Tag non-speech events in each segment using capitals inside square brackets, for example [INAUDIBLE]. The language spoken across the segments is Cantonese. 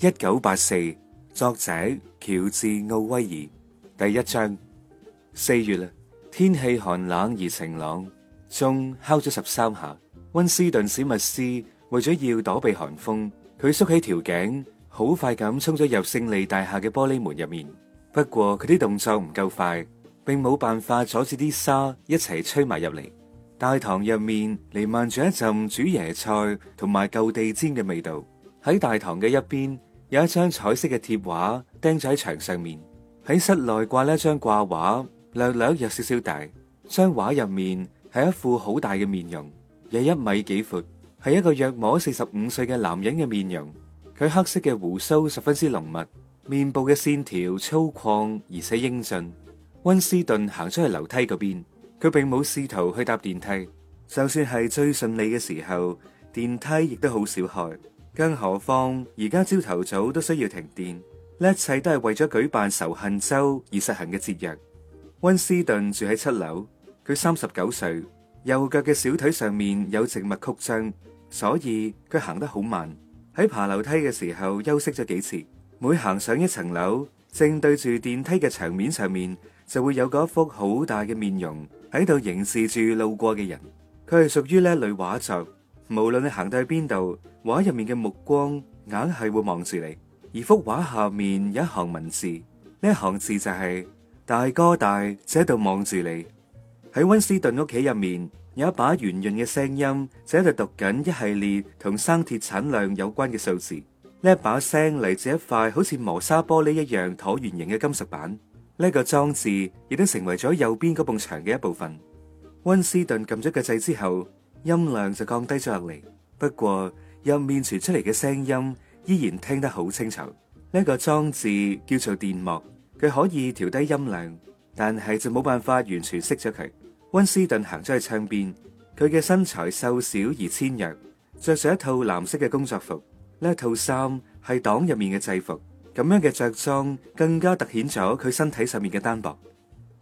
一九八四，作者喬治奧威爾，第一章。四月啦，天氣寒冷而晴朗。鐘敲咗十三下。溫斯頓史密斯為咗要躲避寒風，佢縮起條頸，好快咁衝咗入勝利大廈嘅玻璃門入面。不過佢啲動作唔夠快，並冇辦法阻止啲沙一齊吹埋入嚟。大堂入面彌漫住一陣煮椰菜同埋舊地氈嘅味道。喺大堂嘅一邊。有一張彩色嘅貼畫釘咗喺牆上面，喺室內掛呢一張掛畫，略略有少少大。張畫入面係一副好大嘅面容，有一米幾闊，係一個約摸四十五歲嘅男人嘅面容。佢黑色嘅鬍鬚十分之濃密，面部嘅線條粗獷而且英俊。溫斯頓行出去樓梯嗰邊，佢並冇試圖去搭電梯，就算係最順利嘅時候，電梯亦都好少開。更何況而家朝頭早都需要停電，一切都係為咗舉辦仇恨周而實行嘅節約。温斯頓住喺七樓，佢三十九歲，右腳嘅小腿上面有植物曲張，所以佢行得好慢。喺爬樓梯嘅時候休息咗幾次，每行上一層樓，正對住電梯嘅牆面上面就會有嗰幅好大嘅面容，喺度凝視住路過嘅人。佢係屬於呢一類畫作。無論你行到去邊度，畫入面嘅目光硬係會望住你。而幅畫下面有一行文字，呢一行字就係、是、大哥大就喺度望住你。喺溫斯頓屋企入面有一把圓潤嘅聲音就喺度讀緊一系列同生鐵產量有關嘅數字。呢一把聲嚟自一塊好似磨砂玻璃一樣橢圓形嘅金屬板。呢、這個裝置亦都成為咗右邊嗰埲牆嘅一部分。溫斯頓撳咗個掣之後。音量就降低咗落嚟，不過入面傳出嚟嘅聲音依然聽得好清楚。呢個裝置叫做電幕，佢可以調低音量，但係就冇辦法完全熄咗佢。溫斯頓行咗去窗邊，佢嘅身材瘦小而纖弱，着上一套藍色嘅工作服，呢一套衫係黨入面嘅制服，咁樣嘅着裝更加突顯咗佢身體上面嘅單薄。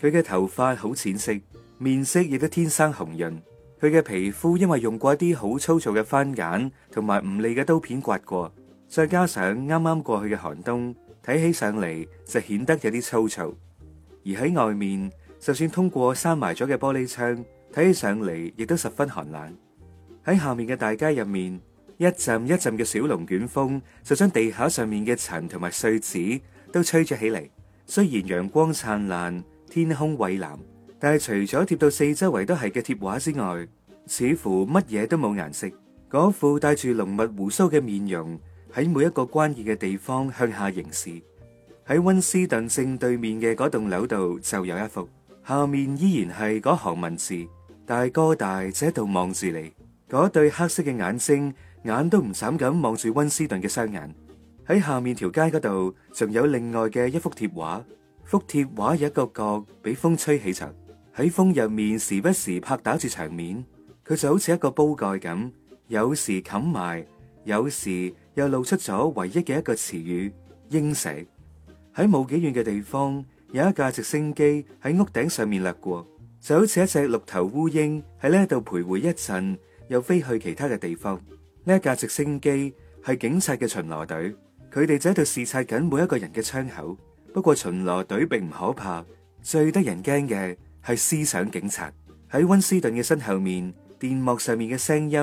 佢嘅頭髮好淺色，面色亦都天生紅潤。佢嘅皮膚因為用過一啲好粗糙嘅番梘同埋唔利嘅刀片刮過，再加上啱啱過去嘅寒冬，睇起上嚟就顯得有啲粗糙。而喺外面，就算通過閂埋咗嘅玻璃窗睇起上嚟，亦都十分寒冷。喺下面嘅大街入面，一陣一陣嘅小龍捲風就將地下上，上面嘅塵同埋碎紙都吹咗起嚟。雖然陽光燦爛，天空蔚藍。但係除咗貼到四周圍都係嘅貼畫之外，似乎乜嘢都冇顏色。嗰副帶住濃密鬍鬚嘅面容喺每一個關鍵嘅地方向下凝視。喺溫斯頓正對面嘅嗰棟樓度就有一幅，下面依然係嗰行文字。大哥大就喺度望住你，嗰對黑色嘅眼睛，眼都唔眨咁望住溫斯頓嘅雙眼。喺下面條街嗰度仲有另外嘅一幅貼畫，幅貼畫一個角俾風吹起層。喺風入面，時不時拍打住牆面，佢就好似一個煲蓋咁，有時冚埋，有時又露出咗唯一嘅一個詞語：英社。喺冇幾遠嘅地方，有一架直升機喺屋頂上面掠過，就好似一隻綠頭烏蠅喺呢度徘徊一陣，又飛去其他嘅地方。呢一架直升機係警察嘅巡邏隊，佢哋就喺度視察緊每一個人嘅窗口。不過巡邏隊並唔可怕，最得人驚嘅。係思想警察。喺溫斯頓嘅身後面，電幕上面嘅聲音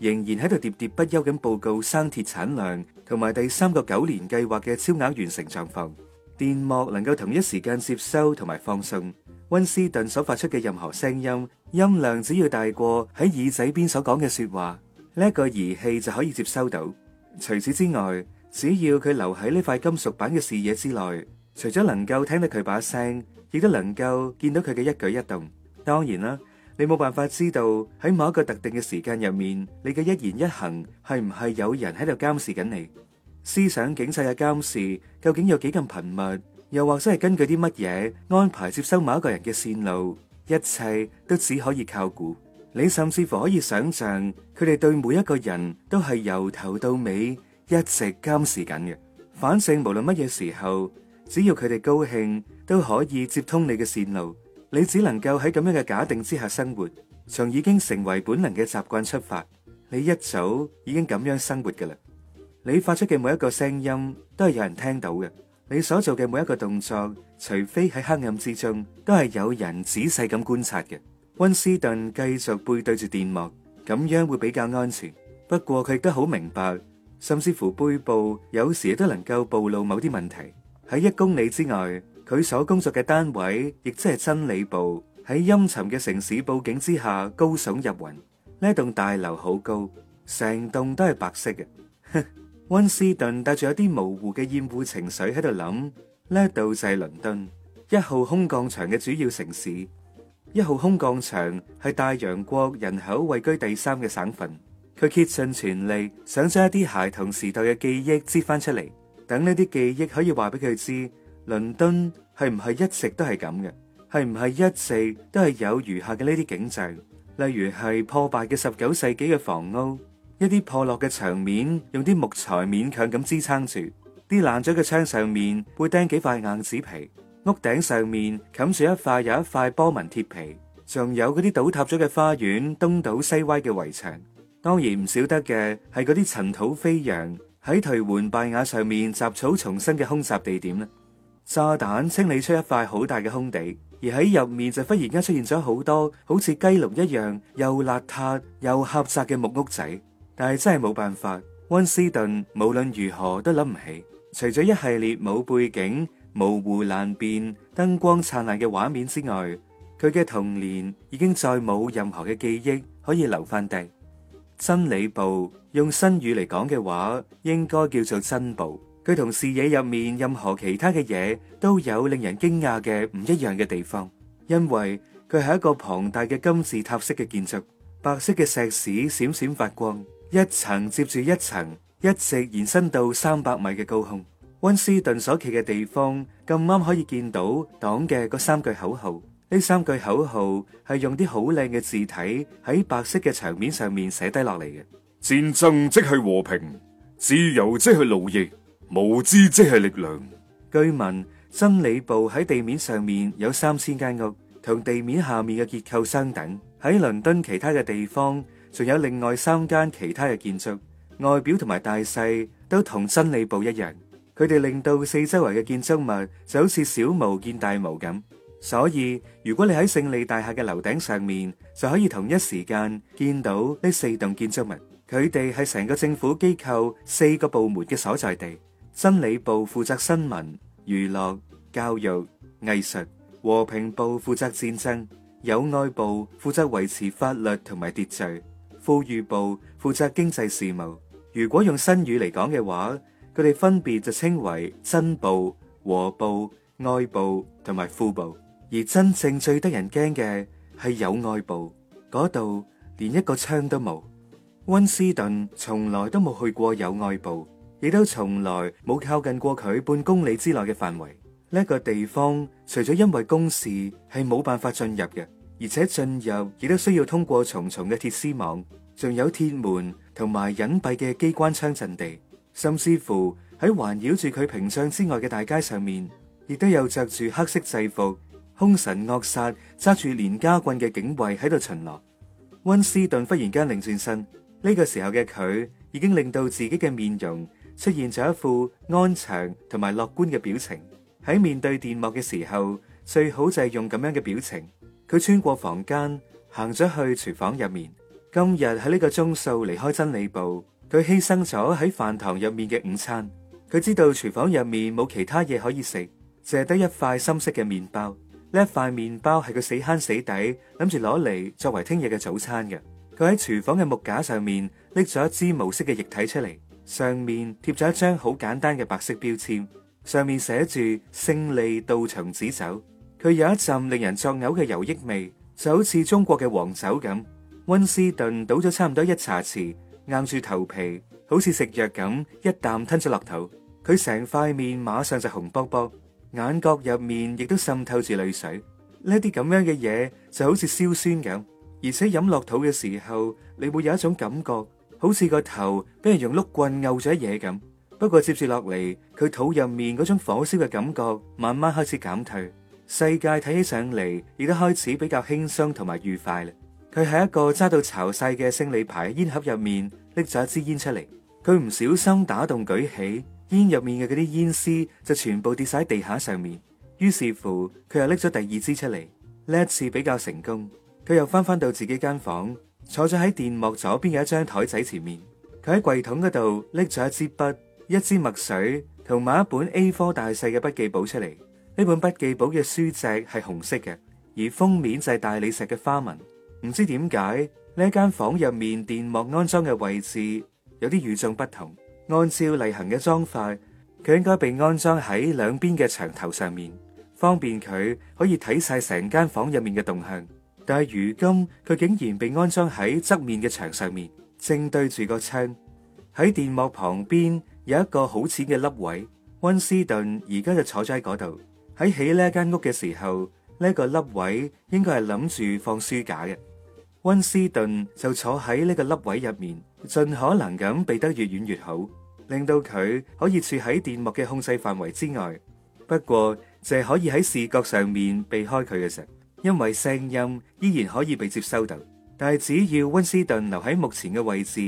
仍然喺度喋喋不休咁報告生鐵產量同埋第三個九年計劃嘅超額完成狀況。電幕能夠同一時間接收同埋放送溫斯頓所發出嘅任何聲音，音量只要大過喺耳仔邊所講嘅說話，呢個儀器就可以接收到。除此之外，只要佢留喺呢塊金屬板嘅視野之內，除咗能夠聽到佢把聲，亦都能夠見到佢嘅一舉一動。當然啦，你冇辦法知道喺某一個特定嘅時間入面，你嘅一言一行係唔係有人喺度監視緊你。思想警察嘅監視究竟有幾咁頻密，又或者係根據啲乜嘢安排接收某一個人嘅線路？一切都只可以靠估。你甚至乎可以想象，佢哋對每一個人都係由頭到尾一直監視緊嘅。反正無論乜嘢時候。只要佢哋高興，都可以接通你嘅線路。你只能夠喺咁樣嘅假定之下生活，從已經成為本能嘅習慣出發。你一早已經咁樣生活㗎喇。你發出嘅每一個聲音都係有人聽到嘅，你所做嘅每一個動作，除非喺黑暗之中，都係有人仔細咁觀察嘅。溫斯頓繼續背對住電幕，咁樣會比較安全。不過佢亦都好明白，甚至乎背部有時亦都能夠暴露某啲問題。喺一公里之外，佢所工作嘅單位亦即係真理部，喺陰沉嘅城市布景之下高聳入雲。呢棟大樓好高，成棟都係白色嘅。溫斯頓帶住有啲模糊嘅厭惡情緒喺度諗，呢度就係倫敦，一號空降場嘅主要城市。一號空降場係大洋國人口位居第三嘅省份。佢竭盡全力想將一啲孩童時代嘅記憶摺翻出嚟。等呢啲記憶可以話俾佢知，倫敦係唔係一直都係咁嘅？係唔係一直都係有餘下嘅呢啲景象？例如係破敗嘅十九世紀嘅房屋，一啲破落嘅牆面，用啲木材勉強咁支撐住，啲爛咗嘅窗上面會釘幾塊硬紙皮，屋頂上面冚住一塊又一塊波紋鐵皮，仲有嗰啲倒塌咗嘅花園、東倒西歪嘅圍牆。當然唔少得嘅係嗰啲塵土飛揚。喺頹垣敗瓦上面雜草叢生嘅空襲地點呢，炸彈清理出一塊好大嘅空地，而喺入面就忽然間出現咗好多好似雞籠一樣又邋遢、又狹窄嘅木屋仔。但係真係冇辦法，溫斯頓無論如何都諗唔起。除咗一系列冇背景、模糊難辨、燈光燦爛嘅畫面之外，佢嘅童年已經再冇任何嘅記憶可以留翻地。真理部用新語嚟講嘅話，應該叫做真部。佢同視野入面任何其他嘅嘢都有令人驚訝嘅唔一樣嘅地方，因為佢係一個龐大嘅金字塔式嘅建築，白色嘅石屎閃閃發光，一層接住一層，一直延伸到三百米嘅高空。溫斯頓所企嘅地方，咁啱可以見到黨嘅嗰三句口號。呢三句口號係用啲好靚嘅字體喺白色嘅牆面上面寫低落嚟嘅。戰爭即係和平，自由即係奴役，無知即係力量。據聞真理部喺地面上面有三千間屋，同地面下面嘅結構相等。喺倫敦其他嘅地方，仲有另外三間其他嘅建築，外表同埋大細都同真理部一樣。佢哋令到四周圍嘅建築物就好似小巫見大巫咁。所以，如果你喺勝利大廈嘅樓頂上面，就可以同一時間見到呢四棟建築物。佢哋係成個政府機構四個部門嘅所在地。真理部負責新聞、娛樂、教育、藝術；和平部負責戰爭；友愛部負責維持法律同埋秩序；富裕部負責經濟事務。如果用新語嚟講嘅話，佢哋分別就稱為真部、和部、愛部同埋富部。而真正最得人驚嘅係有外部嗰度，連一個窗都冇。溫斯頓從來都冇去過有外部，亦都從來冇靠近過佢半公里之內嘅範圍。呢個地方除咗因為公事係冇辦法進入嘅，而且進入亦都需要通過重重嘅鐵絲網，仲有鐵門同埋隱蔽嘅機關槍陣地，甚至乎喺環繞住佢屏障之外嘅大街上面，亦都有着住黑色制服。兇神惡煞，揸住連家棍嘅警衛喺度巡邏。溫斯頓忽然間擰轉身，呢個時候嘅佢已經令到自己嘅面容出現咗一副安詳同埋樂觀嘅表情。喺面對電幕嘅時候，最好就係用咁樣嘅表情。佢穿過房間行咗去廚房入面。今日喺呢個鐘數離開真理部，佢犧牲咗喺飯堂入面嘅午餐。佢知道廚房入面冇其他嘢可以食，借得一塊深色嘅麵包。呢一塊麵包係佢死慳死抵諗住攞嚟作為聽日嘅早餐嘅。佢喺廚房嘅木架上面拎咗一支無色嘅液體出嚟，上面貼咗一張好簡單嘅白色標籤，上面寫住勝利杜松子酒。佢有一陣令人作嘔嘅油益味，就好似中國嘅黃酒咁。温斯頓倒咗差唔多一茶匙，硬住頭皮，好似食藥咁，一啖吞咗落肚，佢成塊面馬上就紅卜卜。眼角入面亦都滲透住淚水，呢啲咁樣嘅嘢，就好似硝酸咁，而且飲落肚嘅時候，你會有一種感覺，好似個頭俾人用碌棍毆咗嘢咁。不過接住落嚟，佢肚入面嗰種火燒嘅感覺慢慢開始減退，世界睇起上嚟亦都開始比較輕鬆同埋愉快啦。佢係一個揸到潮晒嘅勝利牌煙盒入面拎咗一支煙出嚟，佢唔小心打動舉起。煙入面嘅嗰啲煙絲就全部跌晒喺地下上面，於是乎佢又拎咗第二支出嚟，呢一次比較成功。佢又翻返到自己間房，坐咗喺電幕左邊嘅一張台仔前面。佢喺櫃桶嗰度拎咗一支筆、一支墨水同埋一本 A4 大細嘅筆記簿出嚟。呢本筆記簿嘅書脊係紅色嘅，而封面就係大理石嘅花紋。唔知點解呢間房入面電幕安裝嘅位置有啲與眾不同。按照例行嘅裝法，佢應該被安裝喺兩邊嘅牆頭上面，方便佢可以睇晒成間房入面嘅動向。但係如今佢竟然被安裝喺側面嘅牆上面，正對住個窗。喺電幕旁邊有一個好淺嘅凹位，溫斯頓而家就坐咗喺嗰度。喺起呢一間屋嘅時候，呢個凹位應該係諗住放書架嘅。溫斯頓就坐喺呢個凹位入面。盡可能咁避得越遠越好，令到佢可以處喺電幕嘅控制範圍之外。不過，就係可以喺視覺上面避開佢嘅時候，因為聲音依然可以被接收到。但係，只要温斯頓留喺目前嘅位置，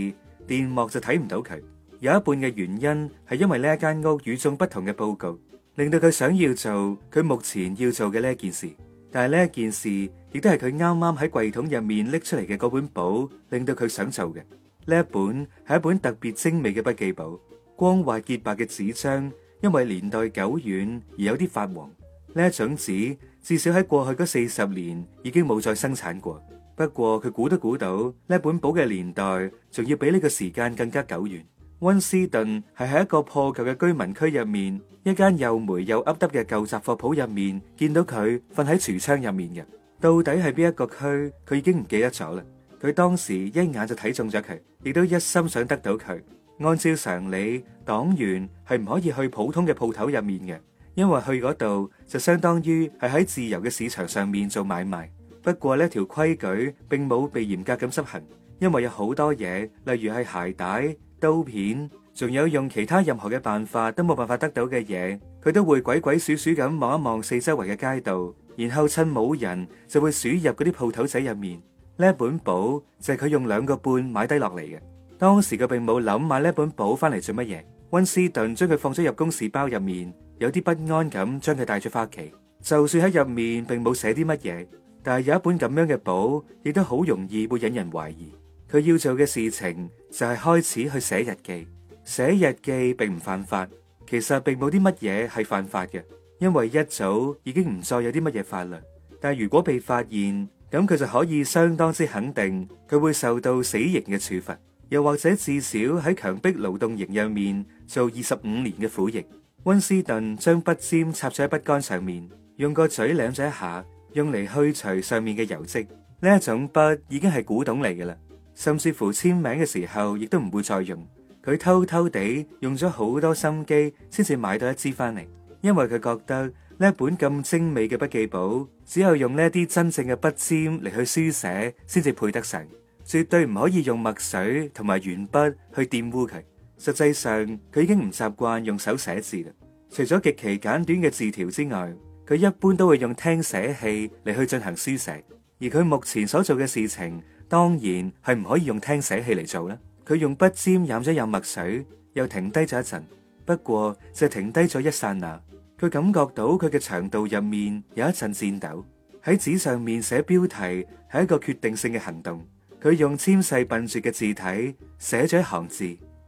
電幕就睇唔到佢。有一半嘅原因係因為呢一間屋與眾不同嘅布局，令到佢想要做佢目前要做嘅呢一件事。但係呢一件事亦都係佢啱啱喺櫃桶入面拎出嚟嘅嗰本簿，令到佢想做嘅。呢一本係一本特別精美嘅筆記簿，光滑潔白嘅紙張，因為年代久遠而有啲發黃。呢一種紙至少喺過去嗰四十年已經冇再生產過。不過佢估都估到呢本簿嘅年代仲要比呢個時間更加久遠。溫斯頓係喺一個破舊嘅居民區入面，一間又黴又噏噏嘅舊雜貨鋪入面見到佢瞓喺櫥窗入面嘅。到底係邊一個區？佢已經唔記得咗啦。佢當時一眼就睇中咗佢，亦都一心想得到佢。按照常理，黨員係唔可以去普通嘅鋪頭入面嘅，因為去嗰度就相當於係喺自由嘅市場上面做買賣。不過呢一條規矩並冇被嚴格咁執行，因為有好多嘢，例如係鞋帶、刀片，仲有用其他任何嘅辦法都冇辦法得到嘅嘢，佢都會鬼鬼祟祟咁望一望四周圍嘅街道，然後趁冇人就會鼠入嗰啲鋪頭仔入面。呢本簿就係佢用兩個半買低落嚟嘅，當時佢並冇諗買呢本簿翻嚟做乜嘢。温斯頓將佢放咗入公事包入面，有啲不安咁將佢帶咗翻屋企。就算喺入面並冇寫啲乜嘢，但係有一本咁樣嘅簿，亦都好容易會引人懷疑。佢要做嘅事情就係開始去寫日記，寫日記並唔犯法。其實並冇啲乜嘢係犯法嘅，因為一早已經唔再有啲乜嘢法律。但係如果被發現，咁佢就可以相當之肯定，佢會受到死刑嘅處罰，又或者至少喺強迫勞動營入面做二十五年嘅苦役。溫斯頓將筆尖插咗喺筆桿上面，用個嘴舐咗一下，用嚟去除上面嘅油漬。呢一種筆已經係古董嚟嘅啦，甚至乎簽名嘅時候亦都唔會再用。佢偷偷地用咗好多心機，先至買到一支翻嚟，因為佢覺得。呢本咁精美嘅筆記簿，只有用呢啲真正嘅筆尖嚟去書寫，先至配得成，絕對唔可以用墨水同埋鉛筆去玷污佢。實際上，佢已經唔習慣用手寫字啦。除咗極其簡短嘅字條之外，佢一般都會用聽寫器嚟去進行書寫。而佢目前所做嘅事情，當然係唔可以用聽寫器嚟做啦。佢用筆尖染咗一啖墨水，又停低咗一陣，不過就停低咗一剎那。佢感覺到佢嘅腸道入面有一陣顫抖，喺紙上面寫標題係一個決定性嘅行動。佢用纖細笨拙嘅字體寫咗一行字：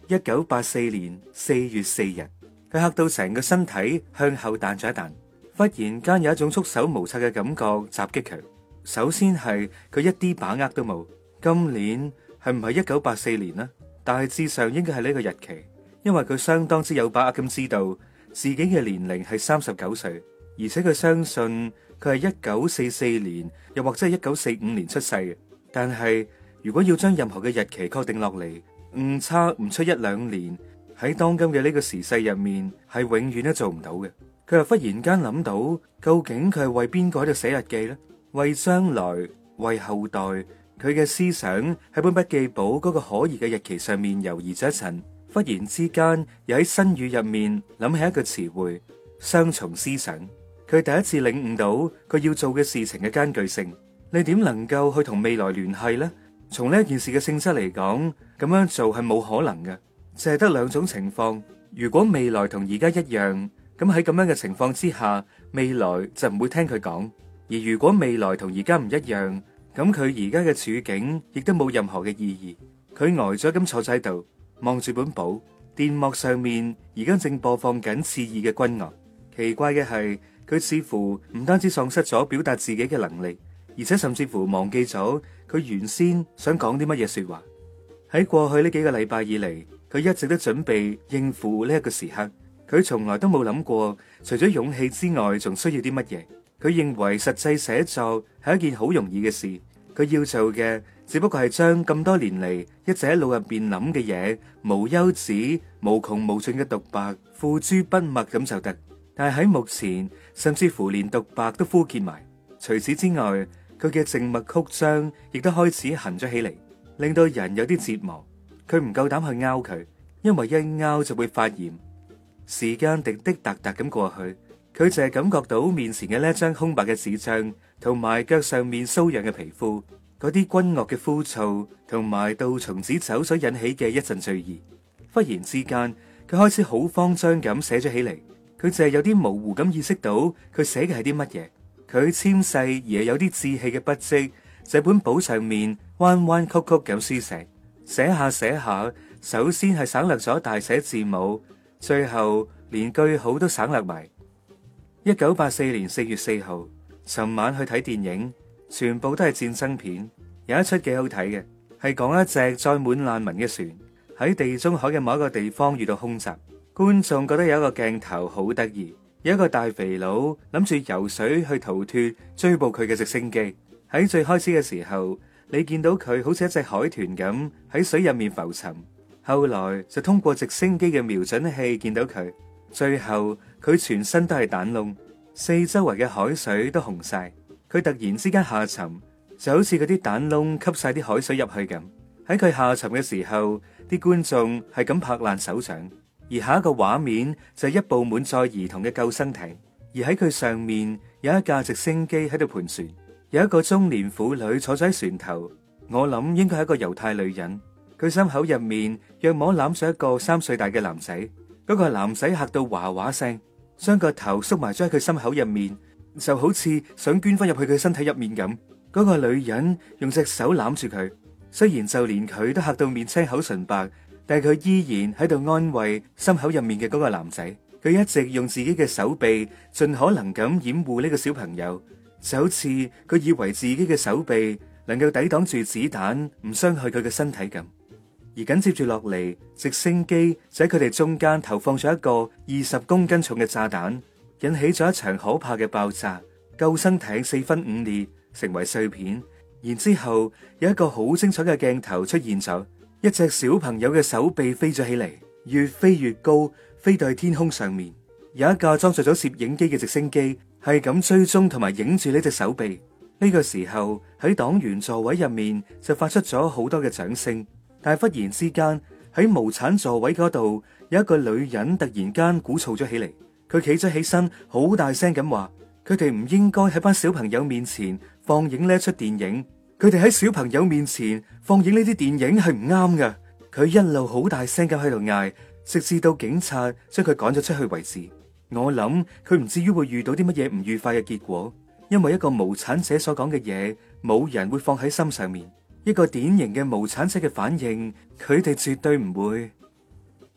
一九八四年四月四日。佢吓到成個身體向後彈咗一彈，忽然間有一種束手無策嘅感覺襲擊佢。首先係佢一啲把握都冇，今年係唔係一九八四年呢？大致上應該係呢個日期，因為佢相當之有把握咁知道。自己嘅年齡係三十九歲，而且佢相信佢係一九四四年又或者係一九四五年出世嘅。但係如果要將任何嘅日期確定落嚟，誤差唔出一兩年，喺當今嘅呢個時勢入面係永遠都做唔到嘅。佢又忽然間諗到，究竟佢係為邊個喺度寫日記呢？為將來，為後代，佢嘅思想喺本筆記簿嗰個可疑嘅日期上面猶豫咗一陣。忽然之間又喺新語入面諗起一個詞彙，雙重思想。佢第一次領悟到佢要做嘅事情嘅艱巨性。你點能夠去同未來聯繫呢？從呢件事嘅性質嚟講，咁樣做係冇可能嘅，淨係得兩種情況。如果未來同而家一樣，咁喺咁樣嘅情況之下，未來就唔會聽佢講；而如果未來同而家唔一樣，咁佢而家嘅處境亦都冇任何嘅意義。佢呆咗咁坐喺度。望住本簿，電幕上面而家正播放緊刺耳嘅軍樂。奇怪嘅係，佢似乎唔單止喪失咗表達自己嘅能力，而且甚至乎忘記咗佢原先想講啲乜嘢說話。喺過去呢幾個禮拜以嚟，佢一直都準備應付呢一個時刻。佢從來都冇諗過，除咗勇氣之外，仲需要啲乜嘢。佢認為實際寫作係一件好容易嘅事，佢要做嘅，只不過係將咁多年嚟，一直喺腦入邊諗嘅嘢，無休止、無窮無盡嘅獨白，付諸筆墨咁就得。但係喺目前，甚至乎連獨白都枯竭埋。除此之外，佢嘅靜脈曲張亦都開始行咗起嚟，令到人有啲折磨。佢唔夠膽去拗佢，因為一拗就會發炎。時間滴滴答答咁過去，佢淨係感覺到面前嘅呢一張空白嘅紙張，同埋腳上面瘙癢嘅皮膚。嗰啲軍樂嘅枯燥，同埋杜松子酒引起嘅一陣醉意，忽然之間，佢開始好慌張咁寫咗起嚟。佢淨係有啲模糊咁意識到寫，佢寫嘅係啲乜嘢。佢纖細而有啲稚氣嘅筆跡，寫本簿上面彎彎曲曲咁書寫，寫下寫下，首先係省略咗大寫字母，最後連句號都省略埋。一九八四年四月四號，尋晚去睇電影。全部都係戰爭片，有一齣幾好睇嘅，係講一隻載滿難民嘅船喺地中海嘅某一個地方遇到空襲。觀眾覺得有一個鏡頭好得意，有一個大肥佬諗住游水去逃脱追捕佢嘅直升機。喺最開始嘅時候，你見到佢好似一隻海豚咁喺水入面浮沉，後來就通過直升機嘅瞄準器見到佢，最後佢全身都係彈窿，四周圍嘅海水都紅晒。佢突然之間下沉，就好似嗰啲彈窿吸晒啲海水入去咁。喺佢下沉嘅時候，啲觀眾係咁拍爛手掌。而下一個畫面就係一部滿載兒童嘅救生艇，而喺佢上面有一架直升機喺度盤旋，有一個中年婦女坐咗喺船頭。我諗應該係一個猶太女人，佢心口入面若望攬咗一個三歲大嘅男仔，嗰個男仔嚇到嘩嘩聲，將個頭縮埋咗喺佢心口入面。就好似想捐翻入去佢身體入面咁，嗰個女人用隻手攬住佢，雖然就連佢都嚇到面青口唇白，但係佢依然喺度安慰心口入面嘅嗰個男仔。佢一直用自己嘅手臂盡可能咁掩護呢個小朋友，就好似佢以為自己嘅手臂能夠抵擋住子彈，唔傷害佢嘅身體咁。而緊接住落嚟，直升機就喺佢哋中間投放咗一個二十公斤重嘅炸彈。引起咗一場可怕嘅爆炸，救生艇四分五裂，成為碎片。然之後有一個好精彩嘅鏡頭出現咗，一隻小朋友嘅手臂飛咗起嚟，越飛越高，飛到去天空上面。有一架裝著咗攝影機嘅直升機係咁追蹤同埋影住呢隻手臂。呢個時候喺黨員座位入面就發出咗好多嘅掌聲，但係忽然之間喺無產座位嗰度有一個女人突然間鼓噪咗起嚟。佢企咗起身，好大聲咁話：佢哋唔應該喺班小朋友面前放映呢一出電影。佢哋喺小朋友面前放映呢啲電影係唔啱㗎。佢一路好大聲咁喺度嗌，直至到警察將佢趕咗出去為止。我諗佢唔至於會遇到啲乜嘢唔愉快嘅結果，因為一個無產者所講嘅嘢，冇人會放喺心上面。一個典型嘅無產者嘅反應，佢哋絕對唔會。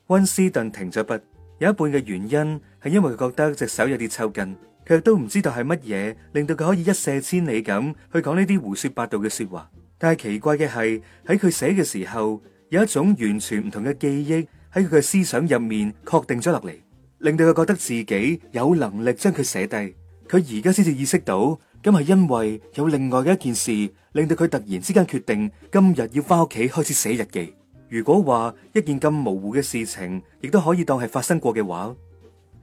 温斯頓停咗筆。有一半嘅原因係因為佢覺得隻手有啲抽筋，佢都唔知道係乜嘢令到佢可以一瀉千里咁去講呢啲胡說八道嘅說話。但係奇怪嘅係喺佢寫嘅時候，有一種完全唔同嘅記憶喺佢嘅思想入面確定咗落嚟，令到佢覺得自己有能力將佢寫低。佢而家先至意識到咁係因為有另外嘅一件事，令到佢突然之間決定今日要翻屋企開始寫日記。如果話一件咁模糊嘅事情，亦都可以當係發生過嘅話，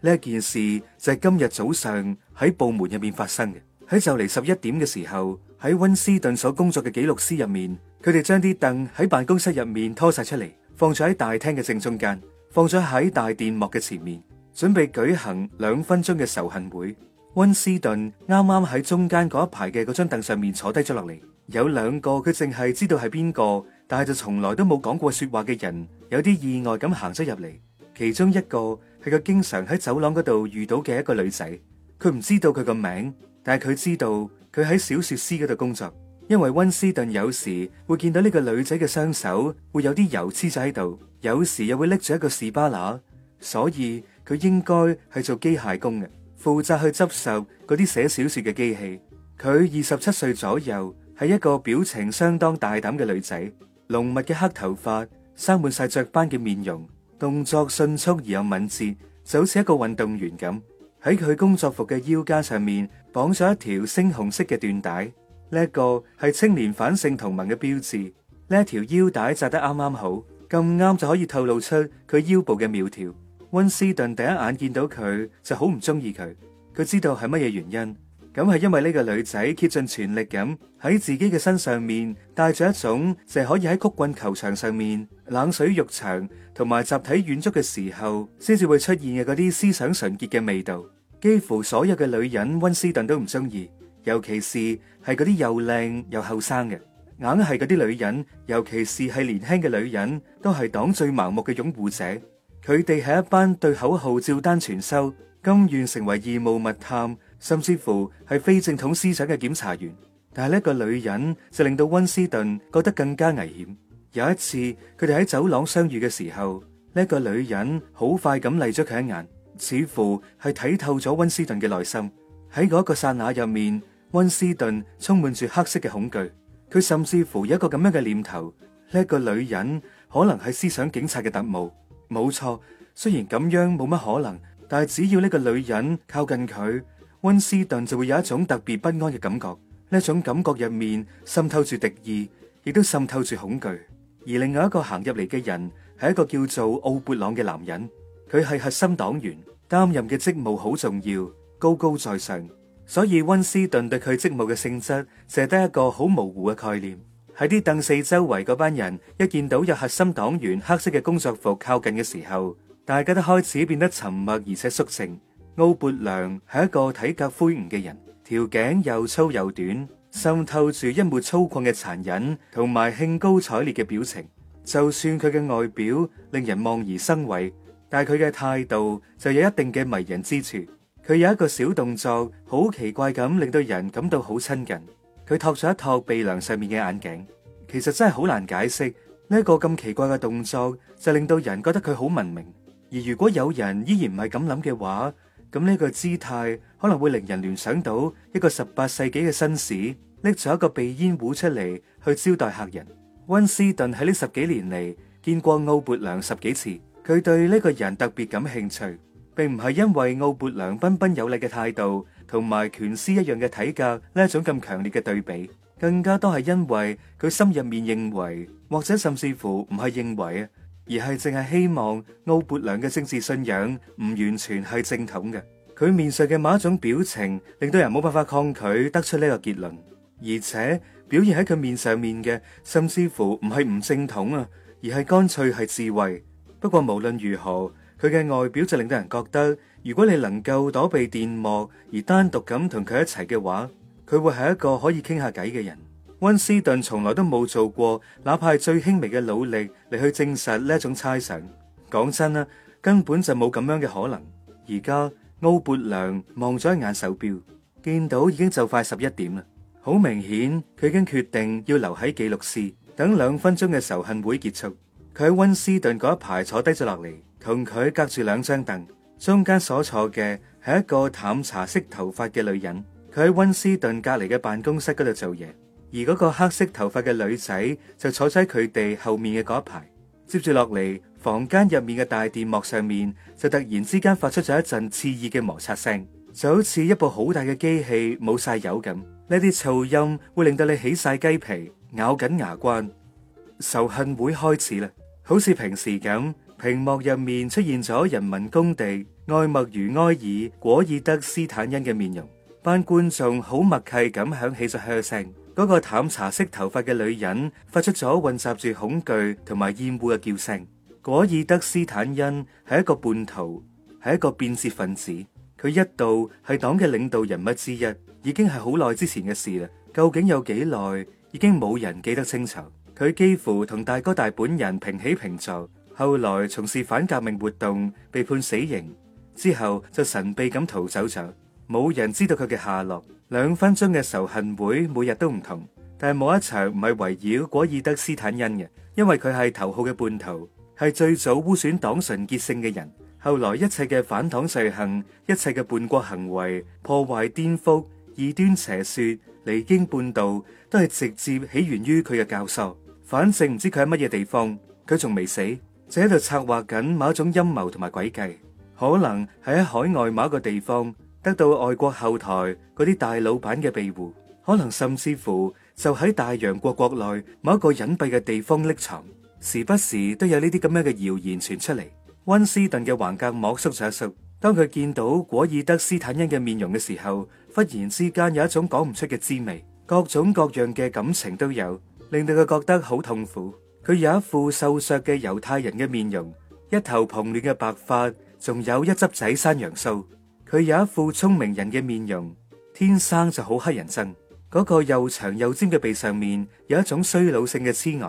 呢件事就係今日早上喺部門入面發生嘅。喺就嚟十一點嘅時候，喺溫斯頓所工作嘅記錄師入面，佢哋將啲凳喺辦公室入面拖晒出嚟，放咗喺大廳嘅正中間，放咗喺大電幕嘅前面，準備舉行兩分鐘嘅仇恨會。溫斯頓啱啱喺中間嗰一排嘅嗰張凳上面坐低咗落嚟，有兩個佢淨係知道係邊個，但係就從來都冇講過說話嘅人，有啲意外咁行咗入嚟。其中一個係佢經常喺走廊嗰度遇到嘅一個女仔。佢唔知道佢個名，但係佢知道佢喺小說師嗰度工作。因為溫斯頓有時會見到呢個女仔嘅雙手會有啲油黐仔喺度，有時又會拎住一個士巴拿，所以佢應該係做機械工嘅，負責去執拾嗰啲寫小說嘅機器。佢二十七歲左右，係一個表情相當大膽嘅女仔。濃密嘅黑頭髮，生滿晒雀斑嘅面容，動作迅速而又敏捷，就好似一個運動員咁。喺佢工作服嘅腰間上面綁咗一條猩紅色嘅緞帶，呢一個係青年反性同盟嘅標誌。呢一條腰帶紮得啱啱好，咁啱就可以透露出佢腰部嘅苗條。溫斯頓第一眼見到佢，就好唔中意佢，佢知道係乜嘢原因。咁係因為呢個女仔竭盡全力咁喺自己嘅身上面帶住一種，就係可以喺曲棍球場上面冷水浴場同埋集體遠足嘅時候，先至會出現嘅嗰啲思想純潔嘅味道。幾乎所有嘅女人溫斯頓都唔中意，尤其是係嗰啲又靚又後生嘅。硬係嗰啲女人，尤其是係年輕嘅女人，都係黨最盲目嘅擁護者。佢哋係一班對口號照單全收，甘願成為義務密探。甚至乎係非正統思想嘅檢查員，但係呢一個女人就令到温斯頓覺得更加危險。有一次，佢哋喺走廊相遇嘅時候，呢一個女人好快咁嚟咗佢一眼，似乎係睇透咗温斯頓嘅內心。喺嗰個剎那入面，温斯頓充滿住黑色嘅恐懼。佢甚至乎有一個咁樣嘅念頭：呢一個女人可能係思想警察嘅特務。冇錯，雖然咁樣冇乜可能，但係只要呢個女人靠近佢。溫斯頓就會有一種特別不安嘅感覺，呢一種感覺入面，滲透住敵意，亦都滲透住恐懼。而另外一個行入嚟嘅人，係一個叫做奧勃朗嘅男人，佢係核心黨員，擔任嘅職務好重要，高高在上，所以温斯頓對佢職務嘅性質，剩得一個好模糊嘅概念。喺啲凳四周圍嗰班人，一見到有核心黨員黑色嘅工作服靠近嘅時候，大家都開始變得沉默而且肅靜。奧勃良係一個體格魁梧嘅人，條頸又粗又短，滲透住一抹粗獷嘅殘忍，同埋興高采烈嘅表情。就算佢嘅外表令人望而生畏，但係佢嘅態度就有一定嘅迷人之處。佢有一個小動作，好奇怪咁，令到人感到好親近。佢托咗一托鼻梁上面嘅眼鏡，其實真係好難解釋呢一個咁奇怪嘅動作，就令到人覺得佢好文明。而如果有人依然唔係咁諗嘅話，咁呢個姿態可能會令人聯想到一個十八世紀嘅紳士拎咗一個鼻煙壺出嚟去招待客人。溫斯頓喺呢十幾年嚟見過奧勃良十幾次，佢對呢個人特別感興趣，並唔係因為奧勃良彬彬有禮嘅態度同埋拳師一樣嘅體格，呢一種咁強烈嘅對比，更加多係因為佢心入面認為，或者甚至乎唔係認為。而係淨係希望奧勃良嘅政治信仰唔完全係正統嘅，佢面上嘅某一種表情令到人冇辦法抗拒得出呢個結論，而且表現喺佢面上面嘅，甚至乎唔係唔正統啊，而係乾脆係智慧。不過無論如何，佢嘅外表就令到人覺得，如果你能夠躲避電幕而單獨咁同佢一齊嘅話，佢會係一個可以傾下偈嘅人。温斯頓從來都冇做過，哪怕係最輕微嘅努力嚟去證實呢種猜想。講真啦，根本就冇咁樣嘅可能。而家奧勃良望咗一眼手表，見到已經就快十一點啦。好明顯，佢已經決定要留喺記錄室等兩分鐘嘅仇恨會結束。佢喺温斯頓嗰一排坐低咗落嚟，同佢隔住兩張凳，中間所坐嘅係一個淡茶色頭髮嘅女人。佢喺温斯頓隔籬嘅辦公室嗰度做嘢。而嗰個黑色頭髮嘅女仔就坐喺佢哋後面嘅嗰一排。接住落嚟，房間入面嘅大電幕上面就突然之間發出咗一陣刺耳嘅摩擦聲，就好似一部好大嘅機器冇晒油咁。呢啲噪音會令到你起晒雞皮，咬緊牙關。仇恨會開始啦，好似平時咁，屏幕入面出現咗人民公敵愛默如埃爾果爾德斯坦恩嘅面容，班觀眾好默契咁響起咗噓聲。嗰個淡茶色頭髮嘅女人發出咗混雜住恐懼同埋厭惡嘅叫聲。果爾德斯坦恩係一個叛徒，係一個變節分子。佢一度係黨嘅領導人物之一，已經係好耐之前嘅事啦。究竟有幾耐，已經冇人記得清楚。佢幾乎同大哥大本人平起平坐。後來從事反革命活動，被判死刑之後就神秘咁逃走咗，冇人知道佢嘅下落。兩分鐘嘅仇恨會每日都唔同，但係冇一場唔係圍繞果爾德斯坦恩嘅，因為佢係頭號嘅叛徒，係最早污損黨純潔性嘅人。後來一切嘅反黨罪行、一切嘅叛國行為、破壞、顛覆、異端邪說、離經叛道，都係直接起源於佢嘅教授。反正唔知佢喺乜嘢地方，佢仲未死，就喺度策劃緊某一種陰謀同埋詭計，可能係喺海外某一個地方。得到外國後台嗰啲大老闆嘅庇護，可能甚至乎就喺大洋國國內某一個隱蔽嘅地方匿藏，時不時都有呢啲咁樣嘅謠言傳出嚟。溫斯頓嘅橫格膜縮咗一縮，當佢見到果爾德斯坦恩嘅面容嘅時候，忽然之間有一種講唔出嘅滋味，各種各樣嘅感情都有，令到佢覺得好痛苦。佢有一副瘦削嘅猶太人嘅面容，一頭蓬亂嘅白髮，仲有一執仔山羊鬚。佢有一副聰明人嘅面容，天生就好乞人憎。嗰個又長又尖嘅鼻上面有一種衰老性嘅痴呆，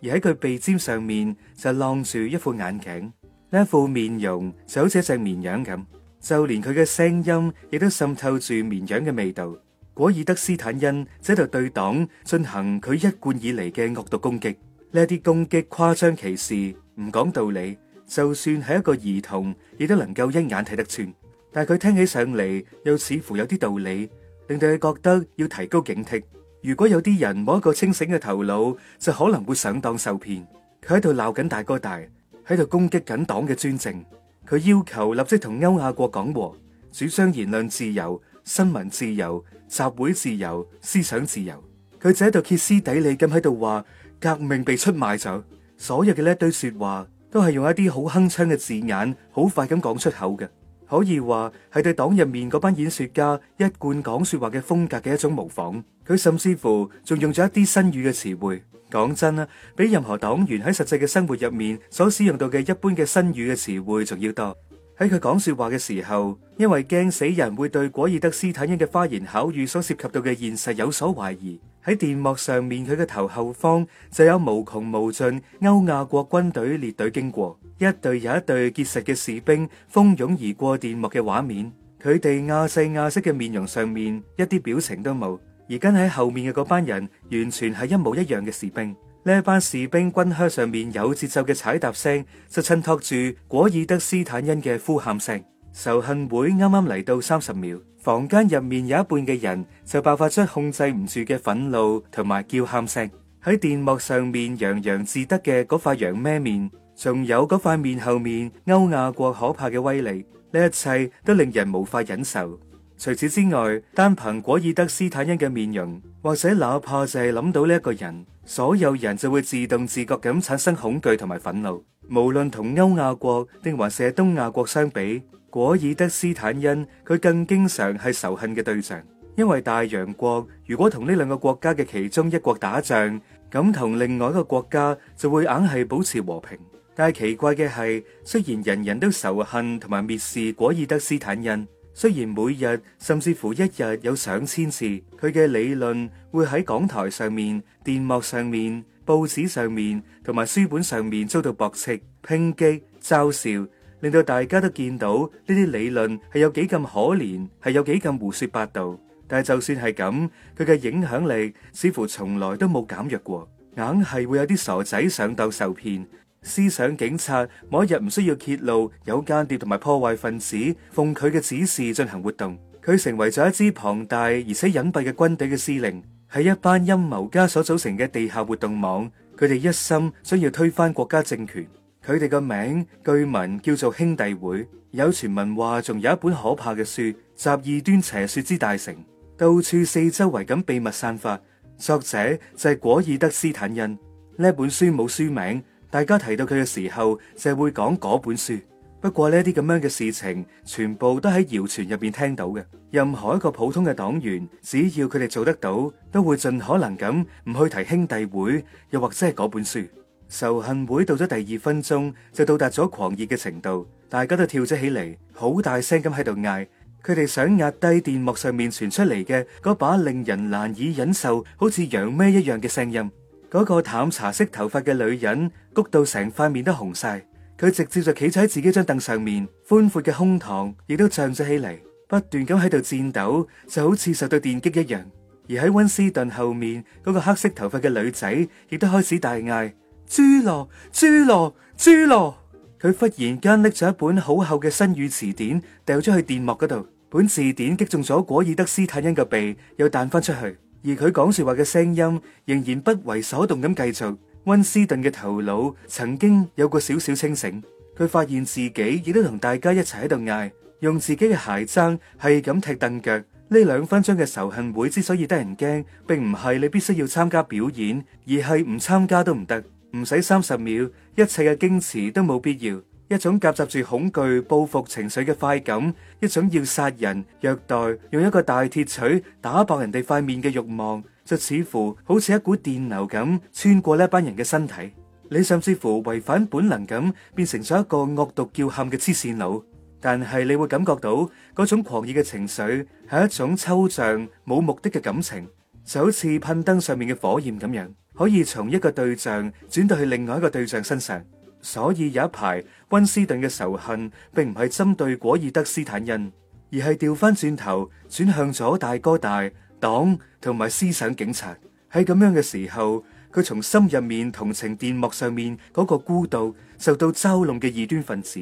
而喺佢鼻尖上面就晾住一副眼鏡。呢副面容就好似一隻綿羊咁，就連佢嘅聲音亦都滲透住綿羊嘅味道。果爾德斯坦恩喺度對黨進行佢一貫以嚟嘅惡毒攻擊。呢啲攻擊誇張其事，唔講道理，就算係一個兒童亦都能夠一眼睇得穿。但係佢聽起上嚟又似乎有啲道理，令到佢覺得要提高警惕。如果有啲人冇一個清醒嘅頭腦，就可能會上當受騙。佢喺度鬧緊大哥大，喺度攻擊緊黨嘅專政。佢要求立即同歐亞國講和，主張言論自由、新聞自由、集會自由、思想自由。佢就喺度歇斯底里咁喺度話革命被出賣咗。所有嘅呢一堆說話都係用一啲好鏗鏘嘅字眼，好快咁講出口嘅。可以話係對黨入面嗰班演説家一貫講説話嘅風格嘅一種模仿。佢甚至乎仲用咗一啲新語嘅詞彙。講真啦，比任何黨員喺實際嘅生活入面所使用到嘅一般嘅新語嘅詞彙仲要多。喺佢講説話嘅時候，因為驚死人會對果爾德斯坦恩嘅花言巧語所涉及到嘅現實有所懷疑。喺電幕上面，佢嘅頭後方就有無窮無盡歐亞國軍隊列隊經過，一隊又一隊結實嘅士兵蜂擁而過電幕嘅畫面，佢哋亞細亞式嘅面容上面一啲表情都冇，而跟喺後面嘅嗰班人完全係一模一樣嘅士兵，呢一班士兵軍靴上面有節奏嘅踩踏聲，就襯托住果爾德斯坦恩嘅呼喊聲。仇恨會啱啱嚟到三十秒，房間入面有一半嘅人就爆發出控制唔住嘅憤怒同埋叫喊聲。喺電幕上面洋洋自得嘅嗰塊羊咩面，仲有嗰塊面後面歐亞國可怕嘅威力，呢一切都令人無法忍受。除此之外，單憑果爾德斯坦恩嘅面容，或者哪怕就係諗到呢一個人，所有人就會自動自覺咁產生恐懼同埋憤怒。無論同歐亞國定還是係東亞國相比。果爾德斯坦恩，佢更經常係仇恨嘅對象，因為大洋國如果同呢兩個國家嘅其中一國打仗，咁同另外一個國家就會硬係保持和平。但係奇怪嘅係，雖然人人都仇恨同埋蔑視果爾德斯坦恩，雖然每日甚至乎一日有上千次佢嘅理論會喺講台上面、電幕上面、報紙上面同埋書本上面遭到駁斥、抨擊、嘲笑。令到大家都見到呢啲理論係有幾咁可憐，係有幾咁胡說八道。但係就算係咁，佢嘅影響力似乎從來都冇減弱過，硬係會有啲傻仔上當受騙。思想警察某一日唔需要揭露有間諜同埋破壞分子奉佢嘅指示進行活動，佢成為咗一支龐大而且隱蔽嘅軍隊嘅司令，係一班陰謀家所組成嘅地下活動網。佢哋一心想要推翻國家政權。佢哋個名據聞叫做兄弟會，有傳聞話仲有一本可怕嘅書《集異端邪說之大成》，到處四周圍咁秘密散發。作者就係果爾德斯坦恩。呢本書冇書名，大家提到佢嘅時候就係會講嗰本書。不過呢啲咁樣嘅事情，全部都喺謠傳入邊聽到嘅。任何一個普通嘅黨員，只要佢哋做得到，都會盡可能咁唔去提兄弟會，又或者係嗰本書。仇恨會到咗第二分鐘就到達咗狂熱嘅程度，大家都跳咗起嚟，好大聲咁喺度嗌。佢哋想壓低電幕上面傳出嚟嘅嗰把令人難以忍受、好似羊咩一樣嘅聲音。嗰個淡茶色頭髮嘅女人谷到成塊面都紅晒，佢直接就企喺自己張凳上面，寬闊嘅胸膛亦都脹咗起嚟，不斷咁喺度顫抖，就好似受到電擊一樣。而喺溫斯頓後面嗰個黑色頭髮嘅女仔亦都開始大嗌。豬羅，豬羅，豬羅！佢忽然間拎咗一本好厚嘅新語詞典，掉咗去電幕嗰度。本字典擊中咗果爾德斯坦恩個鼻，又彈翻出去。而佢講說話嘅聲音仍然不為所動咁繼續。溫斯頓嘅頭腦曾經有個少少清醒，佢發現自己亦都同大家一齊喺度嗌，用自己嘅鞋踭係咁踢凳腳。呢兩分鐘嘅仇恨會之所以得人驚，並唔係你必須要參加表演，而係唔參加都唔得。唔使三十秒，一切嘅矜持都冇必要。一種夾雜住恐懼、報復情緒嘅快感，一種要殺人、虐待，用一個大鐵錘打爆人哋塊面嘅欲望，就似乎好似一股電流咁穿過呢班人嘅身體。你甚至乎違反本能咁變成咗一個惡毒叫喊嘅痴線佬。但係你會感覺到嗰種狂熱嘅情緒係一種抽象、冇目的嘅感情，就好似噴燈上面嘅火焰咁樣，可以從一個對象轉到去另外一個對象身上，所以有一排溫斯頓嘅仇恨並唔係針對果爾德斯坦恩，而係調翻轉頭轉向咗大哥大黨同埋思想警察。喺咁樣嘅時候，佢從心入面同情電幕上面嗰個孤獨受到嘲弄嘅異端分子，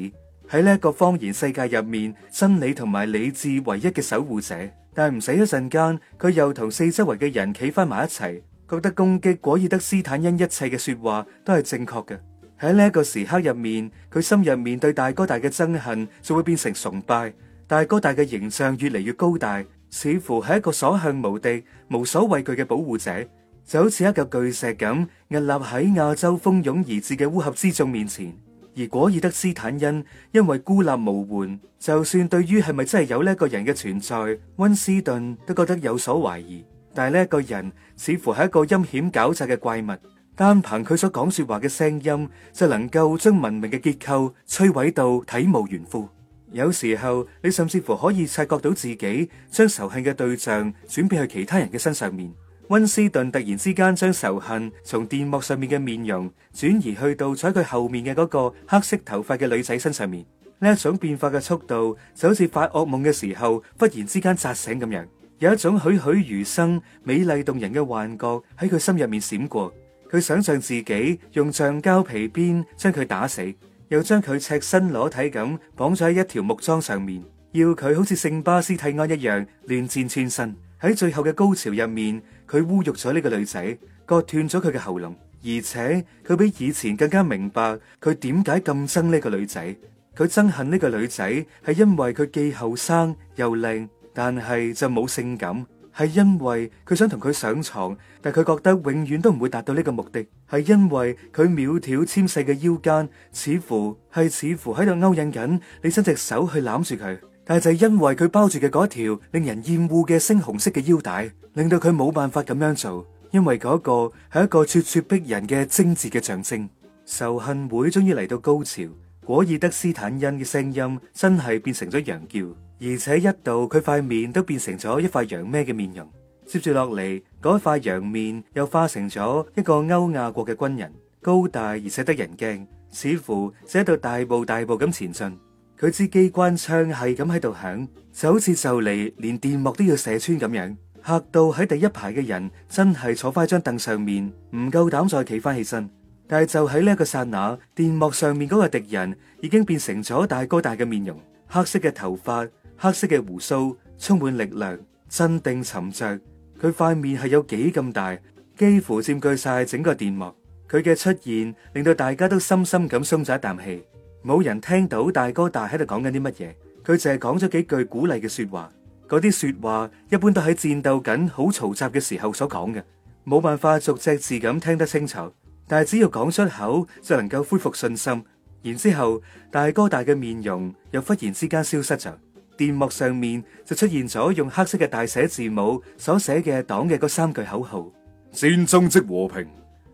喺呢一個謊言世界入面，真理同埋理智唯一嘅守護者。但係唔使一陣間，佢又同四周圍嘅人企翻埋一齊。覺得攻擊果爾德斯坦恩一切嘅說話都係正確嘅。喺呢一個時刻入面，佢心入面對大哥大嘅憎恨就會變成崇拜。大哥大嘅形象越嚟越高大，似乎係一個所向無敵、無所畏懼嘅保護者，就好似一塊巨石咁屹立喺亞洲蜂擁而至嘅烏合之眾面前。而果爾德斯坦恩因，因為孤立無援，就算對於係咪真係有呢一個人嘅存在，溫斯頓都覺得有所懷疑。但係呢一個人似乎係一個陰險狡詐嘅怪物，單憑佢所講說話嘅聲音就能夠將文明嘅結構摧毀到體無完膚。有時候你甚至乎可以察覺到自己將仇恨嘅對象轉變去其他人嘅身上面。溫斯頓突然之間將仇恨從電幕上面嘅面容轉移去到喺佢後面嘅嗰個黑色頭髮嘅女仔身上面。呢一種變化嘅速度就好似發惡夢嘅時候忽然之間扎醒咁樣。有一種栩栩如生、美麗動人嘅幻覺喺佢心入面閃過，佢想象自己用橡膠皮鞭將佢打死，又將佢赤身裸體咁綁咗喺一條木樁上面，要佢好似聖巴斯蒂安一樣亂箭穿身。喺最後嘅高潮入面，佢侮辱咗呢個女仔，割斷咗佢嘅喉嚨，而且佢比以前更加明白佢點解咁憎呢個女仔，佢憎恨呢個女仔係因為佢既後生又靚。但係就冇性感，係因為佢想同佢上床，但佢覺得永遠都唔會達到呢個目的，係因為佢苗條纖細嘅腰間，似乎係似乎喺度勾引緊你伸隻手去攬住佢，但係就係因為佢包住嘅嗰一條令人厭惡嘅猩紅色嘅腰帶，令到佢冇辦法咁樣做，因為嗰個係一個咄咄逼人嘅精緻嘅象徵。仇恨會終於嚟到高潮，果爾德斯坦恩嘅聲音真係變成咗羊叫。而且一度佢塊面都變成咗一塊羊咩嘅面容，接住落嚟嗰塊羊面又化成咗一個歐亞國嘅軍人，高大而且得人驚，似乎就喺度大步大步咁前進。佢支機關槍係咁喺度響，就好似就嚟連電幕都要射穿咁樣，吓到喺第一排嘅人真係坐翻喺張凳上面，唔夠膽再企翻起身。但係就喺呢一個剎那，電幕上面嗰個敵人已經變成咗大高大嘅面容，黑色嘅頭髮。黑色嘅鬍鬚充滿力量，鎮定沉着。佢塊面係有幾咁大，幾乎佔據晒整個電幕。佢嘅出現令到大家都深深咁鬆咗一啖氣。冇人聽到大哥大喺度講緊啲乜嘢，佢淨係講咗幾句鼓勵嘅說話。嗰啲說話一般都喺戰鬥緊好嘈雜嘅時候所講嘅，冇辦法逐隻字咁聽得清楚。但係只要講出口就能夠恢復信心。然之後大哥大嘅面容又忽然之間消失咗。電幕上面就出現咗用黑色嘅大寫字母所寫嘅黨嘅嗰三句口號：戰爭即和平，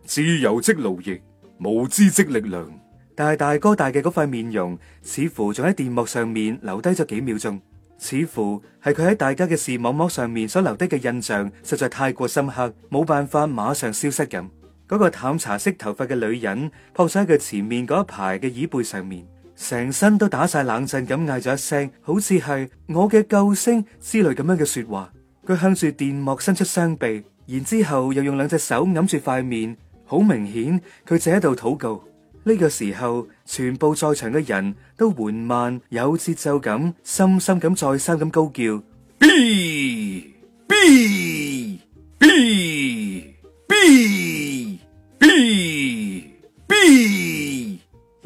自由即奴役，無知即力量。但係大，大哥大嘅嗰塊面容，似乎仲喺電幕上面留低咗幾秒鐘，似乎係佢喺大家嘅視網膜上面所留低嘅印象，實在太過深刻，冇辦法馬上消失咁。嗰、嗰個淡茶色頭髮嘅女人撲晒喺佢前面嗰一排嘅椅背上面。成身都打晒冷震咁嗌咗一聲，好似係我嘅救星之類咁樣嘅說話。佢向住電幕伸出雙臂，然之後又用兩隻手揞住塊面，好明顯佢就喺度禱告。呢個時候，全部在場嘅人都緩慢有節奏咁深深咁再三咁高叫：bi bi bi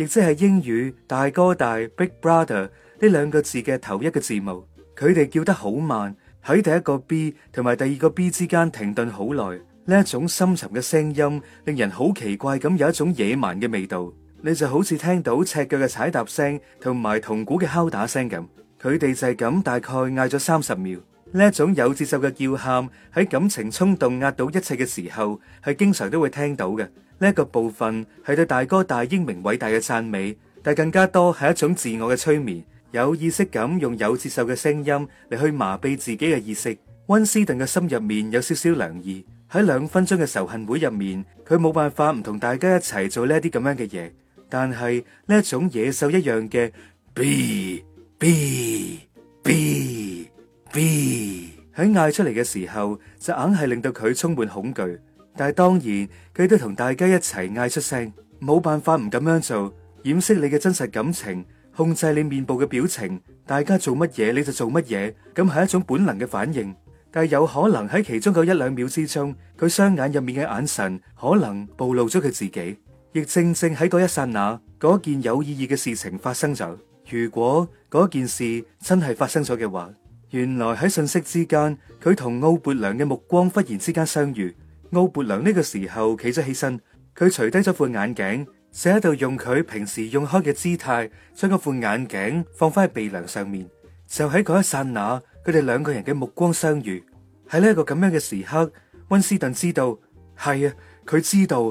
亦即係英語大哥大 （Big Brother） 呢兩個字嘅頭一個字母，佢哋叫得好慢，喺第一個 B 同埋第二個 B 之間停頓好耐。呢一種深沉嘅聲音，令人好奇怪咁有一種野蠻嘅味道。你就好似聽到赤腳嘅踩踏聲同埋銅鼓嘅敲打聲咁，佢哋就係咁大概嗌咗三十秒。呢一種有節奏嘅叫喊，喺感情衝動壓倒一切嘅時候，係經常都會聽到嘅。呢一個部分係對大哥大英明偉大嘅讚美，但更加多係一種自我嘅催眠，有意識咁用有節奏嘅聲音嚟去麻痹自己嘅意識。溫斯頓嘅心入面有少少涼意，喺兩分鐘嘅仇恨會入面，佢冇辦法唔同大家一齊做呢啲咁樣嘅嘢。但係呢一種野獸一樣嘅 B B B。 [NOISE] be, be, be, B 喺嗌出嚟嘅時候，就硬係令到佢充滿恐懼。但係當然佢都同大家一齊嗌出聲，冇辦法唔咁樣做，掩飾你嘅真實感情，控制你面部嘅表情。大家做乜嘢你就做乜嘢，咁係一種本能嘅反應。但係有可能喺其中嗰一兩秒之中，佢雙眼入面嘅眼神可能暴露咗佢自己。亦正正喺嗰一剎那，嗰件有意義嘅事情發生咗。如果嗰件事真係發生咗嘅話。原來喺信息之間，佢同奧勃良嘅目光忽然之間相遇。奧勃良呢個時候企咗起身，佢除低咗副眼鏡，就喺度用佢平時用開嘅姿態，將嗰副眼鏡放翻喺鼻梁上面。就喺嗰一剎那，佢哋兩個人嘅目光相遇。喺呢一個咁樣嘅時刻，溫斯頓知道係啊，佢知道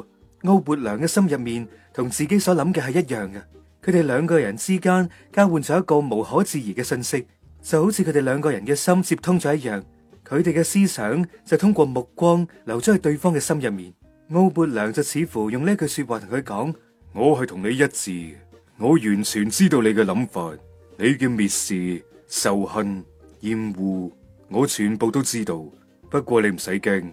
奧勃良嘅心入面同自己所諗嘅係一樣嘅。佢哋兩個人之間交換咗一個無可置疑嘅信息。就好似佢哋兩個人嘅心接通咗一樣，佢哋嘅思想就通過目光流咗喺對方嘅心入面。奧勃良就似乎用呢句說話同佢講：我係同你一致，我完全知道你嘅諗法，你嘅蔑視、仇恨、厭惡，我全部都知道。不過你唔使驚，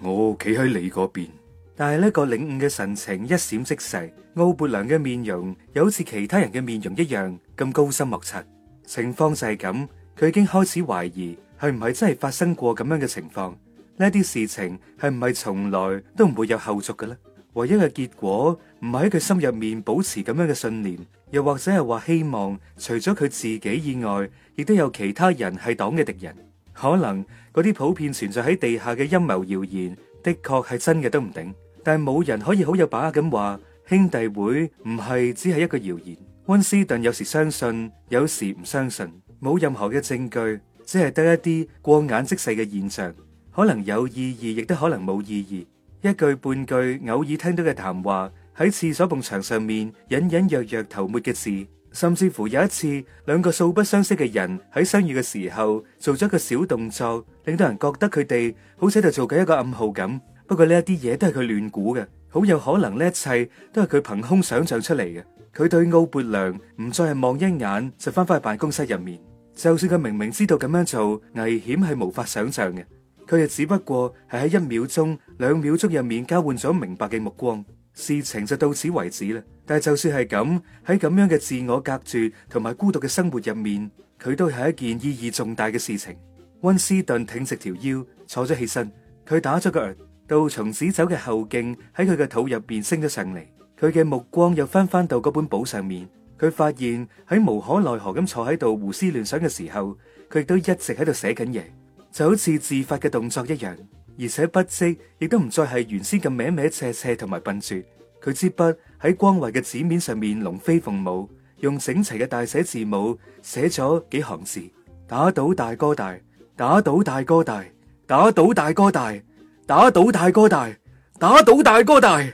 我企喺你嗰邊。但係呢個領悟嘅神情一閃即逝，奧勃良嘅面容又好似其他人嘅面容一樣咁高深莫測。情況就係咁，佢已經開始懷疑係唔係真係發生過咁樣嘅情況？呢啲事情係唔係從來都唔會有後續嘅咧？唯一嘅結果唔係喺佢心入面保持咁樣嘅信念，又或者係話希望除咗佢自己以外，亦都有其他人係黨嘅敵人。可能嗰啲普遍存在喺地下嘅陰謀謠言，的確係真嘅都唔定，但係冇人可以好有把握咁話，兄弟會唔係只係一個謠言。溫斯頓有時相信，有時唔相信，冇任何嘅證據，只係得一啲過眼即逝嘅現象，可能有意義，亦都可能冇意義。一句半句偶爾聽到嘅談話，喺廁所埲牆上面隱隱約約塗抹嘅字，甚至乎有一次兩個素不相識嘅人喺相遇嘅時候做咗一個小動作，令到人覺得佢哋好似喺度做緊一個暗號咁。不過呢一啲嘢都係佢亂估嘅，好有可能呢一切都係佢憑空想象出嚟嘅。佢對奧勃良唔再係望一眼，就翻返去辦公室入面。就算佢明明知道咁樣做危險係無法想象嘅，佢亦只不過係喺一秒鐘、兩秒鐘入面交換咗明白嘅目光。事情就到此為止啦。但係就算係咁，喺咁樣嘅自我隔住同埋孤獨嘅生活入面，佢都係一件意義重大嘅事情。溫斯頓挺直條腰坐咗起身，佢打咗個耳，杜松子酒嘅後勁喺佢嘅肚入邊升咗上嚟。佢嘅目光又翻翻到嗰本簿上面，佢發現喺無可奈何咁坐喺度胡思亂想嘅時候，佢亦都一直喺度寫緊嘢，就好似自發嘅動作一樣。而且筆跡亦都唔再係原先咁歪歪斜斜同埋笨拙。佢支筆喺光滑嘅紙面上面龍飛鳳舞，用整齊嘅大寫字母寫咗幾行字：打倒大哥大，打倒大哥大，打倒大哥大，打倒大哥大，打倒大哥大。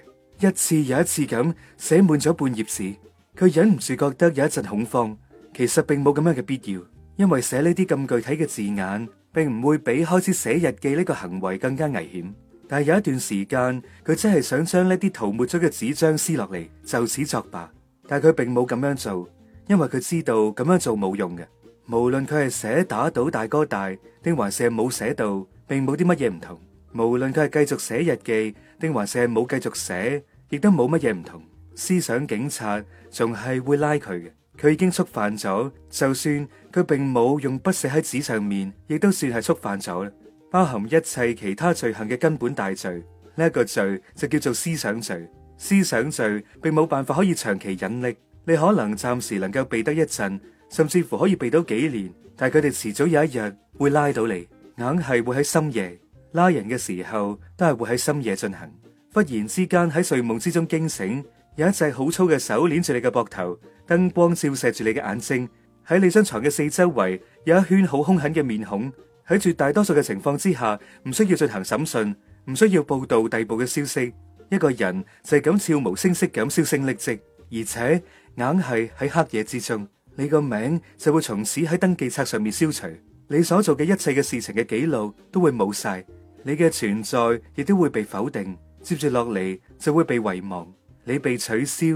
一次又一次咁寫滿咗半頁紙，佢忍唔住覺得有一陣恐慌。其實並冇咁樣嘅必要，因為寫呢啲咁具體嘅字眼，並唔會比開始寫日記呢個行為更加危險。但係有一段時間，佢真係想將呢啲塗抹咗嘅紙張撕落嚟，就此作罷。但係佢並冇咁樣做，因為佢知道咁樣做冇用嘅。無論佢係寫打倒大哥大，定還是係冇寫到，並冇啲乜嘢唔同。無論佢係繼續寫日記，定還是係冇繼續寫。亦都冇乜嘢唔同，思想警察仲係會拉佢嘅。佢已經觸犯咗，就算佢並冇用筆寫喺紙上面，亦都算係觸犯咗啦。包含一切其他罪行嘅根本大罪，呢一個罪就叫做思想罪。思想罪並冇辦法可以長期隱匿，你可能暫時能夠避得一陣，甚至乎可以避到幾年，但係佢哋遲早有一日會拉到你，硬係會喺深夜拉人嘅時候都係會喺深夜進行。忽然之間喺睡夢之中驚醒，有一隻好粗嘅手鏈住你嘅膊頭，燈光照射住你嘅眼睛，喺你張床嘅四周圍有一圈好兇狠嘅面孔。喺絕大多數嘅情況之下，唔需要進行審訊，唔需要報道逮捕嘅消息。一個人就係咁悄無聲息咁銷聲匿跡，而且硬係喺黑夜之中，你個名就會從此喺登記冊上面消除，你所做嘅一切嘅事情嘅紀錄都會冇晒，你嘅存在亦都會被否定。接住落嚟就會被遺忘，你被取消、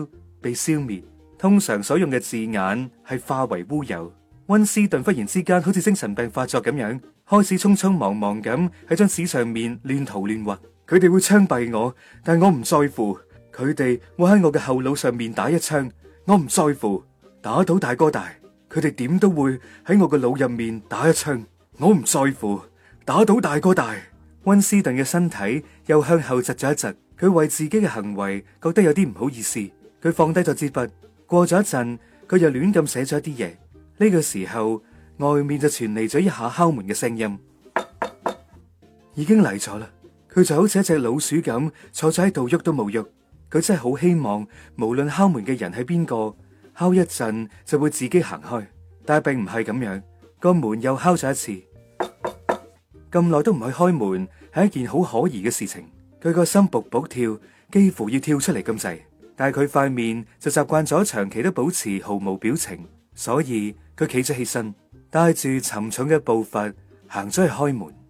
被消滅。通常所用嘅字眼係化為烏有。溫斯頓忽然之間好似精神病發作咁樣，開始匆匆忙忙咁喺張紙上面亂塗亂畫。佢哋會槍斃我，但我唔在乎。佢哋會喺我嘅後腦上面打一槍，我唔在乎。打倒大哥大。佢哋點都會喺我嘅腦入面打一槍，我唔在乎。打倒大哥大。溫斯頓嘅身體又向後窒咗一窒，佢為自己嘅行為覺得有啲唔好意思，佢放低咗支筆。過咗一陣，佢又亂咁寫咗一啲嘢。呢個時候，外面就傳嚟咗一下敲門嘅聲音，已經嚟咗啦。佢就好似一隻老鼠咁，坐咗喺度喐都冇喐。佢真係好希望，無論敲門嘅人係邊個，敲一陣就會自己行開。但係並唔係咁樣，個門又敲咗一次。咁耐都唔去開門，係一件好可疑嘅事情。佢個心卜卜跳，幾乎要跳出嚟咁滯，但係佢塊面就習慣咗長期都保持毫無表情，所以佢企咗起身，帶住沉重嘅步伐行咗去開門。